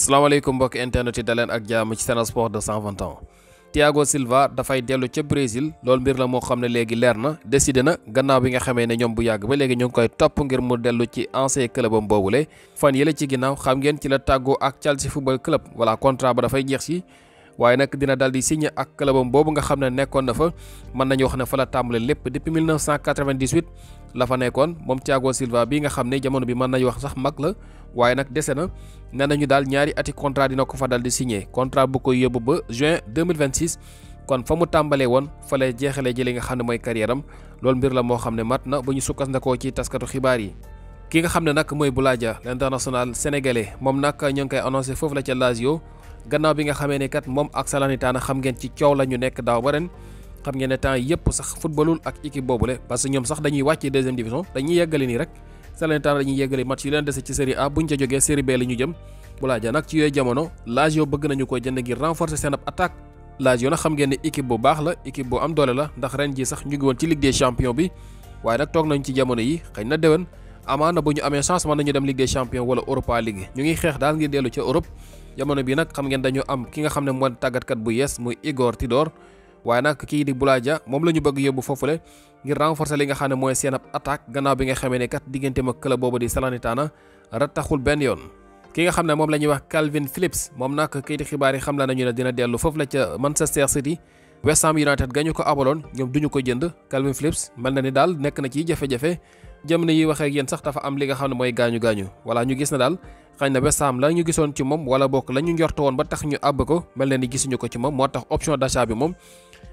salaamaaleykum mbokk internet yi daleen ak jàmm ci Sen Sport 221 Thiago Silva dafay dellu ca Brésil loolu mbir la moo xam ne léegi leer na décidé na gannaaw bi nga xamee ne ñoom bu yàgg ba léegi ñu ngi koy topp ngir mu dellu ci ancien clubam boobule fan yële ci ginnaaw xam ngeen ci la tàggoo ak Chelsea football club wala contrat ba dafay jeex ci waaye nag dina daal di signé ak clubam boobu nga xam ne nekkoon na fa mën nañu wax ne fa la tàmbale lépp depuis 1998 la fa nekkoon moom Thiago Silva bi nga xam ne jamono bi mën nañu wax sax mag la waaye nag dese na nee nañu daal ñaari ati contrat dina ko fa daal di signé contrat bu koy yóbbu ba juin 2026. kon fa mu tàmbalee woon fa lay jeexalee jële li nga xam ne mooy carrière am loolu mbir la moo xam ne mat na bu ñu sukkandikoo ci taskatu xibaar yi. ki nga xam ne nag mooy Boulaye Dia l'international sénégalais moom nag ñoo ngi koy annoncé foofu la ca Lazio. gannaaw bi nga xamee ne kat moom ak Salernitana xam ngeen ci coow la ñu nekk daaw ba ren xam ngeen ne temps yëpp sax footballul ak équipe boobule parce que ñoom sax dañuy wàcc deuxième division dañuy yeggali nii rek Salernitana dañuy yeggali match yu leen dese ci série A buñ ca jógee série B la ñu jëm bu laaja nag ci yooyu jamono Lazio bëgg nañu ko jënd ngir renforcer seen ab attaque Lazio nag xam ngeen ne équipe bu baax la équipe bu am doole la ndax ren ji sax ñu ngi woon ci Ligue des champions bi waaye nag toog nañ ci jamono yi xëy na déwén amaana bu ñu amee chance mën nañu dem Ligue des champions wala Europa League ngi xeex daal ngir dellu ca jamono bi nak xam ngeen dañu am ki nga xamne ne tagat kat bu yes muy Igor Tidor waye nak ki di bulaja. mom lañu bëgg yobbu fofu le ngir renforcer li nga xamne moy mooy seen ab attaque gannaaw bi nga xamé ne kat digënté ak club bobu di Salernitana rattaxul ben yoon. ki nga xamne mom lañu wax Calvin Phillips mom nak kayiti di xibaari xam la nañu ne dina fofu la ci Manchester City. West Ham United gañu ko Abalon. ñom duñu ko jënd Calvin Phillips melna ni dal nek na ci jafe-jafe jamono yi waxee ak yéen sax dafa am li nga xam ne mooy gaañu gaañu wala ñu gis na daal xëy na West Ham la ñu gisoon ci moom wala bokk la ñu njort woon ba tax ñu àbb ko mel na ni gisuñu ko ci moom moo tax option d'achat bi moom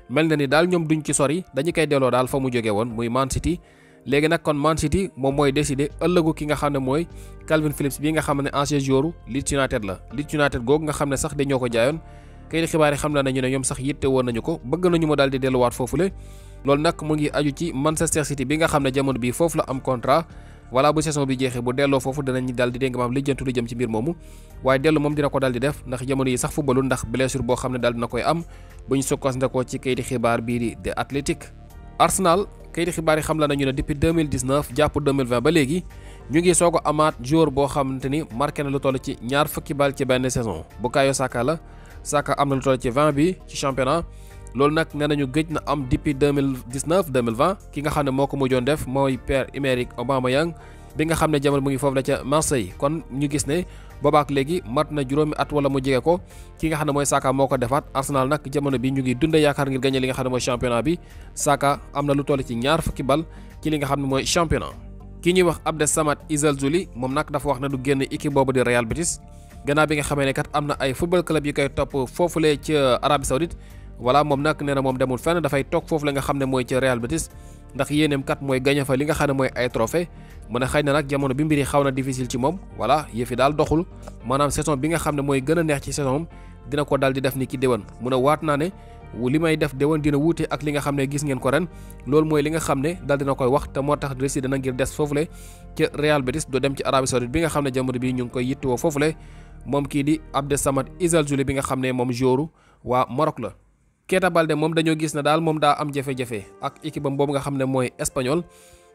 mel na ni daal ñoom duñ ci sori dañu koy delloo daal fa mu jógee woon muy Man City léegi nag kon Man City moom mooy décider ëllëgu ki nga xam ne mooy Calvin Phillips bii nga xam ne ancien joueur Leeds United la Leeds United googu nga xam ne sax dañoo ko jaayoon kayit xibaar yi xam na nañu ne ñoom sax yitte woon nañu ko bëgg nañu mu daal di delluwaat foofule loolu nag mu ngi aju ci Manchester City bi nga xam ne jamono bi foofu la am contrat wala bu saison bi jeexee bu delloo foofu danañ daal di dégg maam lijjantu lu jëm ci mbir moomu waaye dellu moom dina ko daal di def ndax jamono yi sax footballu ndax blessure boo xam ne daal dina koy am bu ñu sukkandikoo ci kayiti xibaar bii di The Athletic. Arsenal kayiti xibaar yi xam la nañu ne depuis 2019 jàpp 2020 ba léegi ñu ngi soog a amaat joueur boo xamante ni marqué na lu toll ci ñaar fukki bal ci benn saison Bukayo Saka la Saka am na lu toll ci 20 bi ci loolu nag nee nañu gëj na am depuis 2019 2020 ki nga xam ne moo ko joon def mooy Pierre Emerick Aubameyang bi nga xam ne jamono mu ngi foofu la ca Marseille kon ñu gis ne boobaak léegi mat na juróomi at wala mu jege ko ki nga xam ne mooy Saka moo ko defaat Arsenal nag jamono bi ñu ngi dundee yaakaar ngir gagné li nga xam ne mooy championnat bi Saka am na lu toll ci ñaar fukki bal ci li nga xam ne mooy championnat ki ñuy wax Abdes Samad Izalzouli moom nag dafa wax ne du génn équipe boobu di Real Betis gannaaw bi nga xamee ne kat am na ay football club yi koy topp foofulee ca voilà moom nag nee na moom demul fenn dafay toog foofu la nga xam ne mooy ca Real Betis ndax yéeneem kat mooy gañe fa li nga xam ne mooy ay trophée mën a na jamono bi mbir yi xaw na difficile ci moom voilà yëfi daal doxul maanaam saison bi nga xam ne mooy gën a neex ci saison dina ko daal di def ni ki déwén mun a waat naa ne li may def déwén dina wuute ak li nga xam ne gis ngeen ko ren loolu mooy li nga xam ne daal dina koy wax te moo tax décidé na ngir des foofule ca Real Betis do dem ci Arabie Saoudite bi nga xam ne jamono bii ñu ngi koy yittewoo foofule moom kii di Abdesamad Issaoui bi nga xam ne moom joueur waa Maroc la Keita Balde moom dañoo gis ne daal moom daa am jafe-jafe ak équipe am boobu nga xam ne mooy espagnol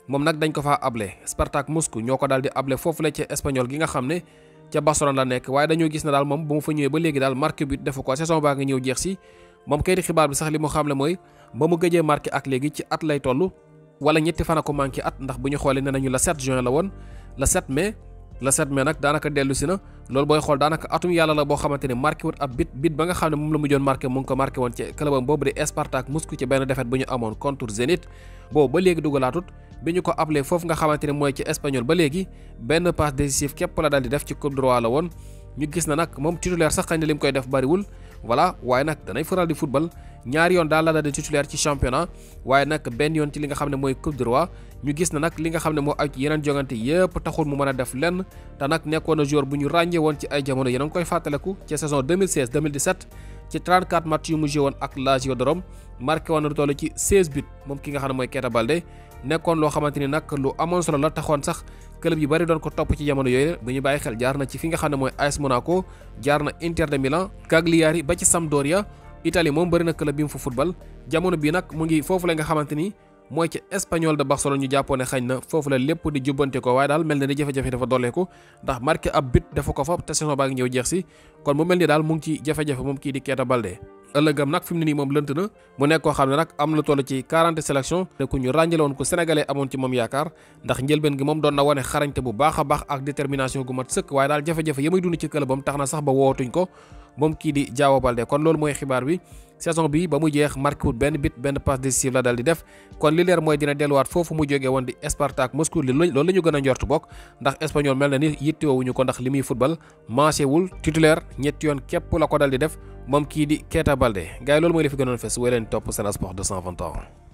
moom nag dañ ko faa able Spartak Moscou ñoo ko daal di able foofu la ca espagnol gi nga xam ne ca Barcelone la nekk waaye dañoo gis ne daal moom bu mu fa ñëwee ba léegi daal marqué but defu ko saison baa nga ñëw jeex si moom kayiti xibaar bi sax li mu xamle mooy ba mu gëjee marqué ak léegi ci at lay toll wala ñetti fan a at ndax bu ñu xoolee ne nañu la 7 juin la woon la 7 mai le 7 mai nag daanaka dellu si na loolu booy xool daanaka atum yàlla la boo xamante ne marqué wut ab bit bit ba nga xam ne moom la mujjoon marqué mu ngi ko marqué woon ci clubam boobu di Spartak boobu ba léegi dugalaatut bi ñu ko appelé foofu nga xamante ne mooy ci espagnol ba léegi benn passe décisif képp la daal di def ci coupe droit la woon ñu gis na nag moom titulaire sax xañ ne li mu koy def bariwul voilà waaye nag danay faral di football ñaari yoon daal la de titulaire ci championnat waaye nag benn yoon ci li nga xam ne mooy coupe du roi ñu gis na nag li nga xam ne moo ak yeneen jongante yëpp taxul mu mën a def lenn te nag nekkoon na joueur bu ñu ràññee woon ci ay jamono yéen a ngi koy fàttaliku ci saison 2016 2017 ci 34 match yu mu joué woon ak Lazio de Rome marqué woon na lu toll ci 16 buts moom ki nga xam ne mooy Keita Baldé nekkoon loo xamante ni nag solo la taxoon sax club yu bari doon ko topp ci jamono yooyu bu ñu bàyyi xel jaar na ci fi nga xam ne mooy AS Monaco jaar na Inter de Milan Cagliari ba ci Sampdoria Italie moom bëri na club bi mu fa football jamono bi nag mu ngi foofu la nga xamante ni mooy ci Espagnol de Barcelone ñu jàppoon ne xañ na foofu la lépp di jubbante ko waaye daal mel na ni jafe-jafe dafa dolleeku ndax marqué ab but dafa ko fa te saison baa ngi ñëw jeex si kon mu mel ni daal mu ngi ci jafe-jafe moom kii di Keita Baldé ëllëgam nag fi mu ne nii moom lënt na mu nekk koo xam ne nag am lu toll ci 40 sélection te ku ñu ràññale woon ku sénégalais amoon ci moom yaakaar ndax njëlbeen gi moom doon na wane xarañte bu baax a baax ak détermination gu mat sëkk waaye daal jafe-jafe ya may dund ci këlëbam tax na sax ba wootuñ ko moom kii di Diao Baldé kon loolu mooy xibaar bi saison bi ba mu jeex marqué benn bit benn passe décisive la daal di def kon li leer mooy dina delluwaat foofu mu jógee woon di Spartak Moscou li loolu la ñu gën a njort bokk ndax espagnol mel na ni yittewuñu ko ndax li muy football manché wul ñetti yoon képp la ko dal di def moom kii di Keita Baldé gars yi loolu mooy li fi gënoon fes wéy leen topp Sen Sports